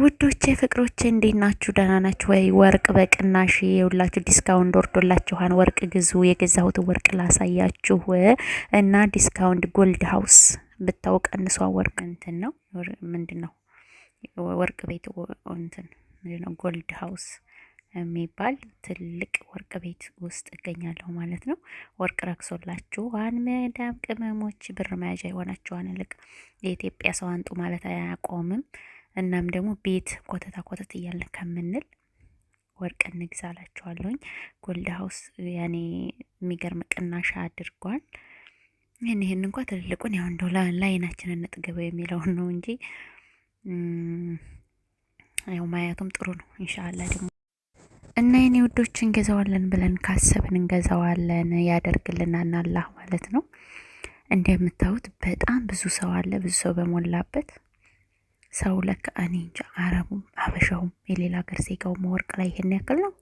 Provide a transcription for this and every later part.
ውዶቼ ፍቅሮቼ እንዴት ናችሁ? ደህና ናችሁ ወይ? ወርቅ በቅናሽ የሁላችሁ ዲስካውንት ወርዶላችኋን ወርቅ ግዙ። የገዛሁት ወርቅ ላሳያችሁ እና ዲስካውንት ጎልድ ሀውስ ብታውቅ እንሷ ወርቅ እንትን ነው ምንድን ነው ወርቅ ቤት እንትን ምንድን ነው ጎልድ ሀውስ የሚባል ትልቅ ወርቅ ቤት ውስጥ እገኛለሁ ማለት ነው። ወርቅ ረክሶላችኋን መዳም ቅመሞች ብር መያዣ የሆናችኋን ልቅ የኢትዮጵያ ሰው አንጡ ማለት አያቆምም። እናም ደግሞ ቤት ኮተታ ኮተት እያልን ከምንል ወርቅ እንግዛ አላችኋለሁኝ። ጎልድ ሀውስ ያኔ የሚገርም ቅናሻ አድርጓል። ይህን ይህን እንኳ ትልልቁን ያው እንደው ላይናችን እንጥገበው የሚለውን ነው እንጂ ያው ማየቱም ጥሩ ነው። እንሻላ ደግሞ እና የኔ ውዶች እንገዛዋለን ብለን ካሰብን እንገዛዋለን፣ ያደርግልናል አላህ ማለት ነው። እንደምታዩት በጣም ብዙ ሰው አለ፣ ብዙ ሰው በሞላበት ሰው ለካ እኔ እንጃ አረቡም አበሻውም የሌላ ሀገር ዜጋውም ወርቅ ላይ ይሄን ያክል ነው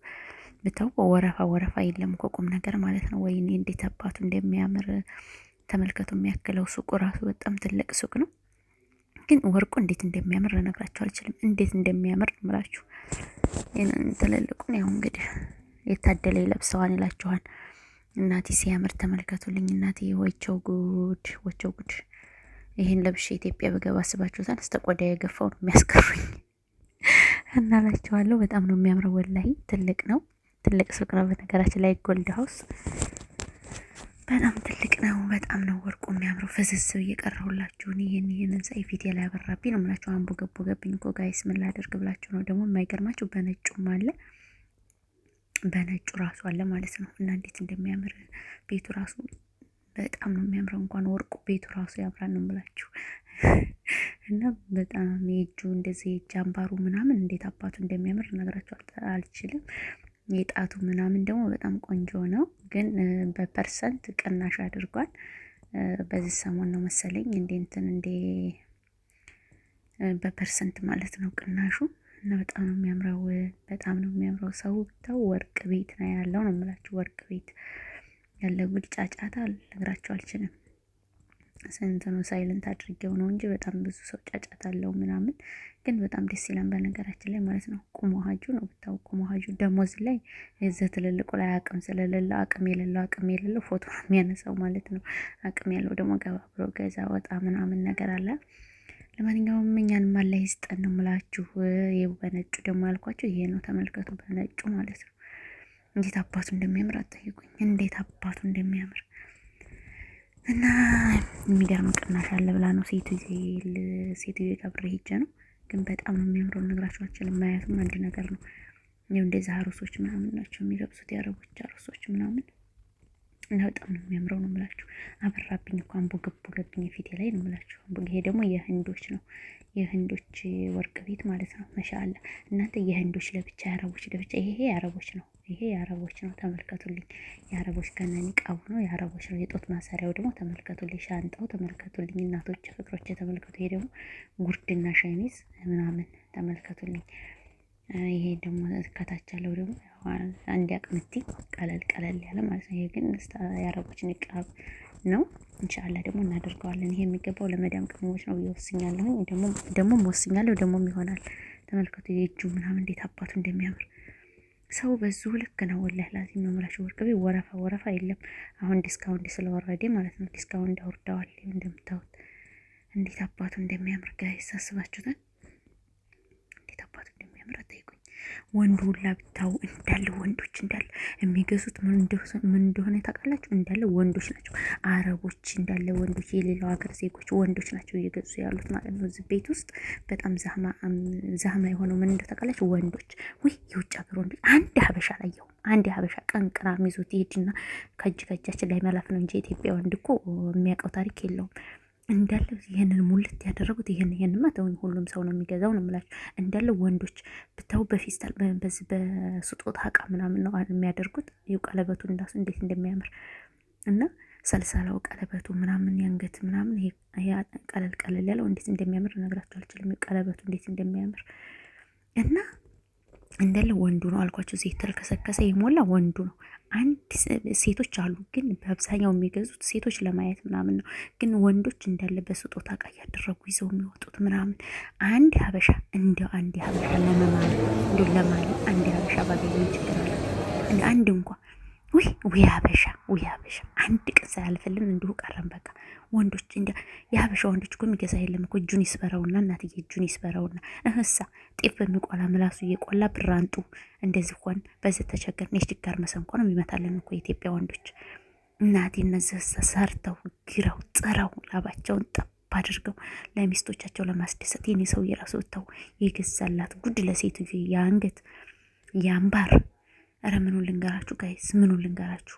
ብተው ወረፋ ወረፋ የለም እኮ ቁም ነገር ማለት ነው። ወይኔ እንዴት አባቱ እንደሚያምር ተመልከቱ። የሚያክለው ሱቁ ራሱ በጣም ትልቅ ሱቅ ነው። ግን ወርቁ እንዴት እንደሚያምር ልነግራችሁ አልችልም። እንዴት እንደሚያምር ምላችሁ ትልልቁን ያው እንግዲህ የታደለ ይለብሰዋን ይላችኋል። እናቴ ሲያምር ተመልከቱልኝ። እናቴ ወቸው ጉድ ወቸው ጉድ ይህን ለብሼ ኢትዮጵያ ብገባ አስባችሁታል? እስከ ቆዳ የገፋው ነው የሚያስገሩኝ እናላቸዋለሁ። በጣም ነው የሚያምረው። ወላሂ ትልቅ ነው። ትልቅ ሱቅ ነው። በነገራችን ላይ ጎልድ ሀውስ በጣም ትልቅ ነው። በጣም ነው ወርቁ የሚያምረው። ፈዘዘው እየቀረሁላችሁ ይህን ይህንን ሳይ ፊቴ ላይ ያበራብኝ ነው ምላቸው። አንቡ ገቦ ገብኝ እኮ ጋይስ ምን ላደርግ ብላችሁ ነው ደግሞ የማይገርማችሁ። በነጩም አለ በነጩ ራሱ አለ ማለት ነው እና እንዴት እንደሚያምር ቤቱ ራሱ በጣም ነው የሚያምረው። እንኳን ወርቁ ቤቱ ራሱ ያምራል ነው የምላችሁ። እና በጣም የእጁ እንደዚህ የእጅ አምባሩ ምናምን እንዴት አባቱ እንደሚያምር ልነግራችሁ አልችልም። የጣቱ ምናምን ደግሞ በጣም ቆንጆ ነው፣ ግን በፐርሰንት ቅናሽ አድርጓል። በዚህ ሰሞን ነው መሰለኝ እንዴ እንትን እንዴ በፐርሰንት ማለት ነው ቅናሹ። እና በጣም ነው የሚያምረው፣ በጣም ነው የሚያምረው። ሰው ብታው ወርቅ ቤት ነው ያለው ነው የምላችሁ ወርቅ ቤት ያለ ጉድ ጫጫታ ነግራቸው አልችልም። ስንት ነው ሳይለንት አድርጌው ነው እንጂ በጣም ብዙ ሰው ጫጫታ አለው ምናምን፣ ግን በጣም ደስ ይላል። በነገራችን ላይ ማለት ነው ሀጁ ነው ብታው ሀጁ ደሞዝ ላይ እዚህ ትልልቁ ላይ አቅም ስለሌለ አቅም የሌለው አቅም የሌለው ፎቶ የሚያነሳው ማለት ነው። አቅም ያለው ደግሞ ገባብሮ ገዛ ወጣ ምናምን ነገር አለ። ለማንኛውም እኛን ማላይ ስጠን ነው ይ በነጩ ደግሞ ያልኳችሁ ይሄ ነው፣ ተመልከቱ በነጩ ማለት ነው። እንዴት አባቱ እንደሚያምር አጠይቁኝ። እንዴት አባቱ እንደሚያምር እና የሚገርም ቅናሽ አለ ብላ ነው ሴትዮ ቀብሬ ሄጀ ነው። ግን በጣም ነው የሚያምረው። ነግራቸው አልችልም። ማየቱም አንድ ነገር ነው። ይኸው እንደዚህ አሮሶች ምናምን ናቸው የሚለብሱት፣ የአረቦች አሮሶች ምናምን እና በጣም ነው የሚያምረው ነው የምላችሁ። አበራብኝ እኮ አንቦ ገቦ ገብኝ ላይ ነው የምላችሁ። ይሄ ደግሞ የህንዶች ነው፣ የህንዶች ወርቅ ቤት ማለት ነው። መሻአላ እናንተ የህንዶች ለብቻ የአረቦች ለብቻ። ይሄ የአረቦች ነው ይሄ የአረቦች ነው ተመልከቱልኝ። የአረቦች ገና ኒቃቡ ነው የአረቦች ነው። የጦት ማሰሪያው ደግሞ ተመልከቱልኝ። ሻንጣው ተመልከቱልኝ። እናቶች ፍቅሮች ተመልከቱ። ይሄ ደግሞ ጉርድና ሸሚዝ ምናምን ተመልከቱልኝ። ይሄ ደግሞ ከታች ያለው ደግሞ አንድ አቅምቲ ቀለል ቀለል ያለ ማለት ነው። ይሄ ግን የአረቦች ኒቃብ ነው። እንሻላ ደግሞ እናደርገዋለን። ይሄ የሚገባው ለመዳም ቅመሞች ነው ይወስኛለሁኝ። ወስኛለሁ። ደግሞ ወስኛለሁ ደግሞም ይሆናል። ተመልከቱ የእጁ ምናምን እንዴት አባቱ እንደሚያምር ሰው በዙ ልክ ነው። ወላህ ላዚም ነው የምላቸው። ወርቅ ቤት ወረፋ ወረፋ የለም። አሁን ዲስካውንት ስለወረደ ማለት ነው። ዲስካውንት አውርደዋል እንደምታዩት። እንዴት አባቱ እንደሚያምር ጋር ይሳስባችሁታል። ወንድ ሁላ ብታው እንዳለ ወንዶች እንዳለ የሚገዙት ምን እንደሆነ ታውቃላችሁ? እንዳለ ወንዶች ናቸው። አረቦች እንዳለ ወንዶች፣ የሌላው ሀገር ዜጎች ወንዶች ናቸው እየገዙ ያሉት ማለት ነው። እዚህ ቤት ውስጥ በጣም ዛህማ የሆነው ምን እንደ ታውቃላችሁ? ወንዶች ወይ የውጭ ሀገር ወንዶች። አንድ ሀበሻ ያው አንድ የሀበሻ ቀንቅራ ይዞት ይሄድና ከእጅ ከእጃችን ላይ መላፍ ነው እንጂ ኢትዮጵያ ወንድ እኮ የሚያውቀው ታሪክ የለውም። እንዳለ ይህንን ሙልት ያደረጉት ይህን ይህንማ ተወኝ፣ ሁሉም ሰው ነው የሚገዛው ነው የምላቸው። እንዳለ ወንዶች ብታው በፌስታል በዚህ በስጦታ እቃ ምናምን ነው የሚያደርጉት። ይኸው ቀለበቱ እንዳሱ እንዴት እንደሚያምር እና ሰልሰላው ቀለበቱ ምናምን ያንገት ምናምን ቀለል ቀለል ያለው እንዴት እንደሚያምር ነግራቸው አልችልም። ቀለበቱ እንዴት እንደሚያምር እና እንዳለ ወንዱ ነው አልኳቸው። ሴት ተልከሰከሰ የሞላ ወንዱ ነው። አንድ ሴቶች አሉ ግን በአብዛኛው የሚገዙት ሴቶች ለማየት ምናምን ነው። ግን ወንዶች እንዳለ በስጦታ እቃ እያደረጉ ይዘው የሚወጡት ምናምን። አንድ ሀበሻ እንደ አንድ ሀበሻ ለመማል እንዲ ለማለ አንድ ሀበሻ ባገኘ ችግር አለ እንደ አንድ እንኳ ውይ ውይ ሀበሻ ውይ ሀበሻ አንድ ቀን ሳያልፍልም እንዲሁ ቀረም። በቃ ወንዶች እንዲ የሀበሻ ወንዶች እኮ የሚገዛ የለም እኮ እጁን ይስበረውና፣ እናትዬ እጁን ይስበረውና እህሳ ጤፍ በሚቆላ ምላሱ እየቆላ ብራንጡ እንደዚህ ሆን በዚ ተቸገር የችጋር መሰንቆ ነው የሚመታለን እኮ የኢትዮጵያ ወንዶች እናቴ። እነዚህ ሰርተው ግረው ጥረው ላባቸውን ጠብ አድርገው ለሚስቶቻቸው ለማስደሰት የኔ ሰው የራሱ ወጥተው የገዛላት ጉድ ለሴትዮ የአንገት የአምባር ኧረ ምኑን ልንገራችሁ ጋይስ፣ ምኑን ልንገራችሁ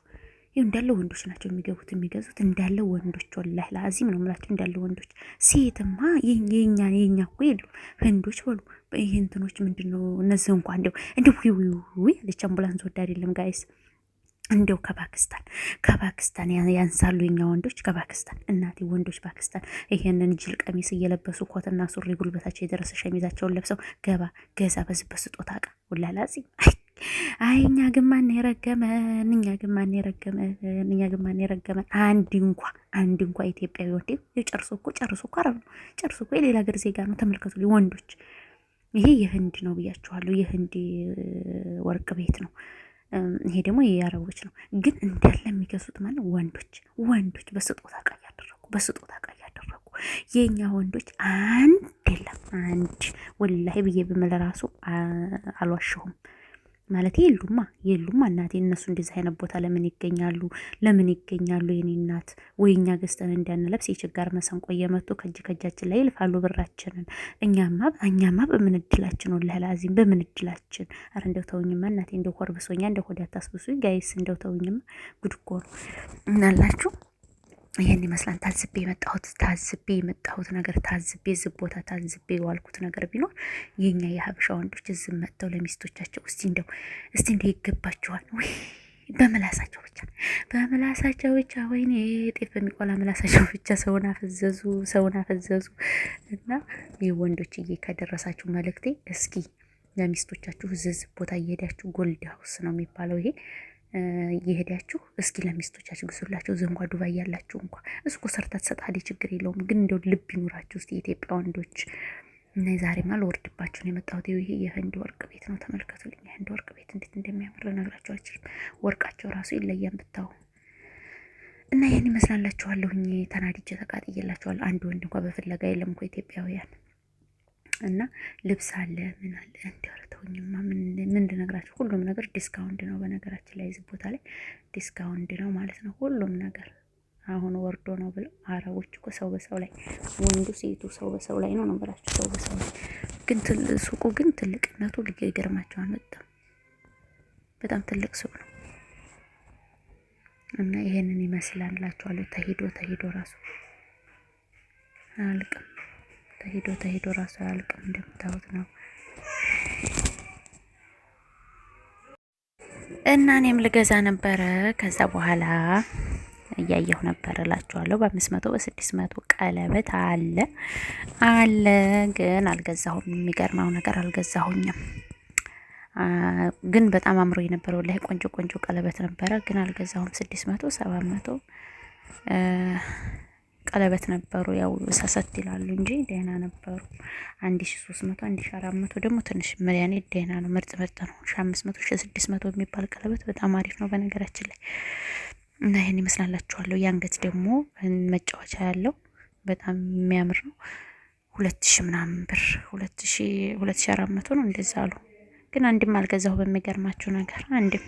ይኸው እንዳለ ወንዶች ናቸው የሚገቡት የሚገዙት፣ እንዳለ ወንዶች ወላህ ላዚም ነው የምላቸው፣ እንዳለ ወንዶች። ሴትማ የኛ የኛ እኮ የሉም ህንዶች በሉ ይህ እንትኖች ምንድን ነው እነዚህ እንኳ እንደው እንደው ውይ አለች። አምቡላንስ ወዳ አይደለም ጋይስ እንደው ከፓኪስታን ከፓኪስታን ያንሳሉ የኛ ወንዶች ከፓኪስታን እናቴ ወንዶች ፓኪስታን ይሄንን ጅል ቀሚስ እየለበሱ ኮትና ሱሪ ጉልበታቸው የደረሰ ሸሚዛቸውን ለብሰው ገባ ገዛ በዝበት ስጦታ ዕቃ ወላህ አይ አይ እኛ ግን ማን የረገመን? እኛ ግን ማን የረገመን? እኛ ግን ማን የረገመን? አንድ እንኳ አንድ እንኳ ኢትዮጵያዊ ወንድ ጨርሶ እኮ ጨርሶ እኮ አረብ ነው ጨርሶ እኮ የሌላ ሀገር ዜጋ ነው። ተመልከቱ ወንዶች፣ ይሄ የህንድ ነው ብያችኋለሁ። የህንድ ወርቅ ቤት ነው። ይሄ ደግሞ የአረቦች ነው። ግን እንዳለ የሚገሱት ማለት ወንዶች ወንዶች በስጦታ ቃ ያደረጉ በስጦታ ቃ ያደረጉ የእኛ ወንዶች አንድ የለም አንድ ወላሂ ብዬ ብምል ራሱ አልዋሸሁም። ማለት የሉማ የሉማ እናቴ እነሱ እንደዚህ አይነት ቦታ ለምን ይገኛሉ? ለምን ይገኛሉ? የኔ እናት ወይ እኛ ገዝተን እንዳንለብስ የችጋር መሰንቆ እየመቱ ከእጅ ከእጃችን ላይ ይልፋሉ ብራችንን። እኛማ እኛማ በምን እድላችን ወለህላዚም በምን እድላችን። አረ እንደው ተውኝማ እናቴ እንደው ኮርብሶኛ እንደው ሆድ አታስብሱ ጋይስ እንደው ተውኝማ ጉድኮ ነው እናላችሁ ይህን ይመስላል። ታዝቤ የመጣሁት ታዝቤ የመጣሁት ነገር ታዝቤ ዝ ቦታ ታዝቤ የዋልኩት ነገር ቢኖር የኛ የሀበሻ ወንዶች እዝ መጥተው ለሚስቶቻቸው እስቲ እንደው እስቲ እንደ ይገባቸዋል በምላሳቸው ብቻ በምላሳቸው ብቻ ወይኔ ጤፍ በሚቆላ ምላሳቸው ብቻ ሰውን አፈዘዙ፣ ሰውን አፈዘዙ። እና ይህ ወንዶችዬ ከደረሳችሁ መልእክቴ እስኪ ለሚስቶቻችሁ ዝዝ ቦታ እየሄዳችሁ ጎልድ ሀውስ ነው የሚባለው ይሄ የሄዳችሁ እስኪ ለሚስቶቻችሁ ግሱላቸው። ዘንጓ ዱባይ ያላችሁ እንኳ እስኮ ሰርታ ትሰጣለች፣ ችግር የለውም። ግን እንደው ልብ ይኑራችሁ እስኪ የኢትዮጵያ ወንዶች። እና ዛሬማ ልወርድባችሁ ነው የመጣሁት። ይሄ የህንድ ወርቅ ቤት ነው፣ ተመልከቱልኝ። የህንድ ወርቅ ቤት እንዴት እንደሚያምር ነግራችሁ አልችልም። ወርቃቸው ራሱ ይለያም ብታው እና ይህን ይመስላላችኋለሁ። ተናድጄ ተቃጥዬላችኋል። አንድ ወንድ እንኳ በፍለጋ የለም እኮ ኢትዮጵያውያን እና ልብስ አለ ምን አለ እንዲያረተውኝማ ምን ልነግራችሁ፣ ሁሉም ነገር ዲስካውንድ ነው። በነገራችን ላይ እዚህ ቦታ ላይ ዲስካውንድ ነው ማለት ነው ሁሉም ነገር አሁን ወርዶ ነው ብለው አረቦች እኮ ሰው በሰው ላይ ወንዱ ሴቱ ሰው በሰው ላይ ነው ነበራችሁ። ሰው በሰው ላይ ግን ሱቁ ግን ትልቅነቱ ሊገርማቸዋል። በጣም በጣም ትልቅ ሱቅ ነው እና ይሄንን ይመስላል እላችኋለሁ። ተሂዶ ተሂዶ ራሱ አልቅም ተሄዶ ተሄዶ ራሱ አያልቅም። እንደምታዩት ነው እና እኔም ልገዛ ነበረ። ከዛ በኋላ እያየሁ ነበረ እላችኋለሁ። በአምስት መቶ በስድስት መቶ ቀለበት አለ አለ፣ ግን አልገዛሁም። የሚገርመው ነገር አልገዛሁኝም። ግን በጣም አምሮ የነበረው ወላሂ ቆንጆ ቆንጆ ቀለበት ነበረ፣ ግን አልገዛሁም። ስድስት መቶ ሰባት መቶ ቀለበት ነበሩ። ያው ሰሰት ይላሉ እንጂ ደህና ነበሩ። አንድ ሺ ሶስት መቶ አንድ ሺ አራት መቶ ደግሞ ትንሽ መድኃኒት ደህና ነው፣ ምርጥ ምርጥ ነው። ሺ አምስት መቶ ሺ ስድስት መቶ የሚባል ቀለበት በጣም አሪፍ ነው በነገራችን ላይ እና ይህን ይመስላላችኋለሁ። የአንገት ደግሞ መጫወቻ ያለው በጣም የሚያምር ነው። ሁለት ሺ ምናምን ብር ሁለት ሺ አራት መቶ ነው እንደዛ አሉ። ግን አንድም አልገዛሁ በሚገርማችሁ ነገር አንድም